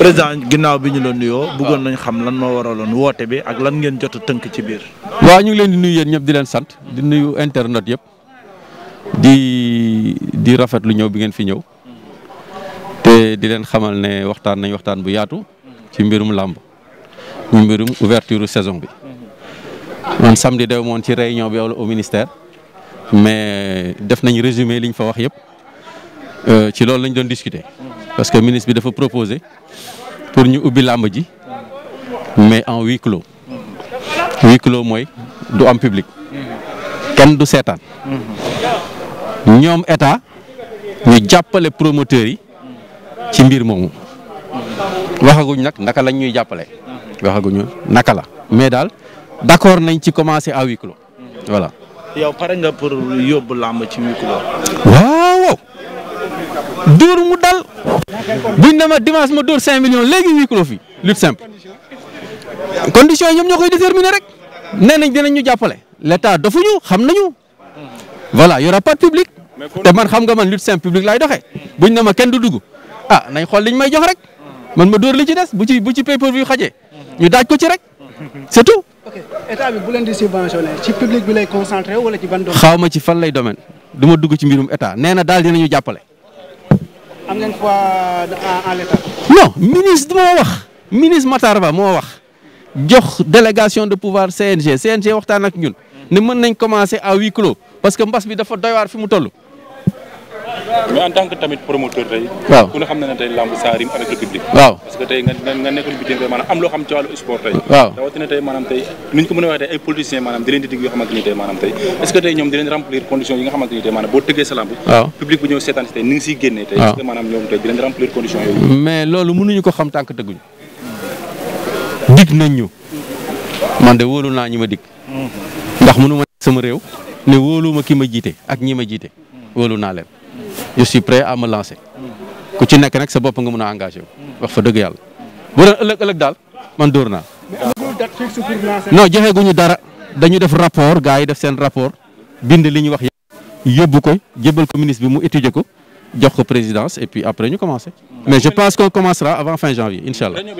président ginnaaw bi ñu la nuyoo. bëggoon nañ xam lan moo waraloon woote bi ak lan ngeen jot a tënk ci biir. waa ñu ngi leen di nuy yéen ñëpp di leen sant di nuyu internet yëpp di di rafet lu ñëw bi ngeen fi ñëw te di leen xamal ne waxtaan nañ waxtaan bu yaatu ci mbirum làmb ñu mbirum ouverture saison bi man samedi demoon ci réunion bi wala au ministère mais def nañ résumé liñ fa wax yëpp. Euh, ci loolu lañ doon discuter parce que ministre bi dafa proposer pour ñu ubbi làmb ji mais en huis clos huis clos mooy du am public kenn du seetaan ñoom état ñu jàppale promoteurs yi ci mbir moomu waxaguñ nag naka lañ ñuy jàppale waxaguñu naka la mais daal d'accord nañ ci commencer à huis clos yow pare nga pour yóbbu làmb ci huis dóor mu dal buñ dema dimanche ma dóor 5 millions léegi huis clos fi lutte simple condition yi ñoom ñoo koy déterminer rek nee nañ dinañ ñu jàppale l'état dafuñu xam nañu voilà y a pas de public te man xam nga man lutte simple public laay doxee buñ ne kenn du dugg ah nañ xool liñ may jox rek man ma dóor li ci des bu ci bu ci pay per view xajee ñu daaj ko ci rek c'est tout. ok état bi bu ci xaw ma ci fan lay domaine du ma dugg ci mbirum état nee na daal ñu jàppale. am ngeen foi en l'état. moo wax ministre Matar Ba moo wax jox délégation de pouvoir CNG CNG waxtaan ak ñun ne mën nañ commencer à huis parce que mbas bi dafa doy waar fi mu toll. mais en tant que tamit promoteur tey. waaw ku ne xam na ne tey lamb ça avec le public. waaw parce que tey nga nga nekkul bitim tey maanaam am loo xam ci wàllu sport ñu a waxee tey ay politiciens man de wóolu naa ñi ma dig. Mm-hmm. ndax mënu ma sama réew ne wóolu ma ki ma jiite ak ñi ma jiite wóolu naa leen je suis prêt à me ku ci nekk nag sa bopp nga mën a engagé wax fa dëgg yàlla bu doon ëllëg ëllëg daal man dóor naa. non joxe guñu dara dañu def rapport gars yi def seen rapport bind li ñuy wax yóbbu ko jébal ko bi mu étudier jox présidence et puis après ñu commencé. mais je pense qu'on commencera avant fin janvier incha allah. réunion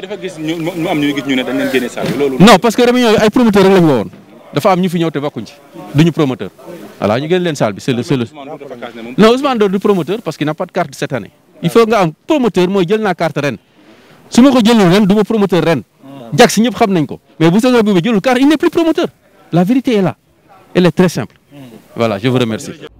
parce que réunion yi ay promoteur rek la ñu woowoon dafa am ñu fi ñëw te bokkuñ ci duñu promoteur. voilà ñu génn leen salle bi c'est le c'est le du promoteur parce qu'il n'a pas de carte cette année il faut nga promoteur mooy jël naa carte ren su ma ko ren du ma promoteur ren jag si ñëpp nañ ko mais bu saison bi ba jëlul carte il n'est plus promoteur la vérité est là elle est très simple je vous remercie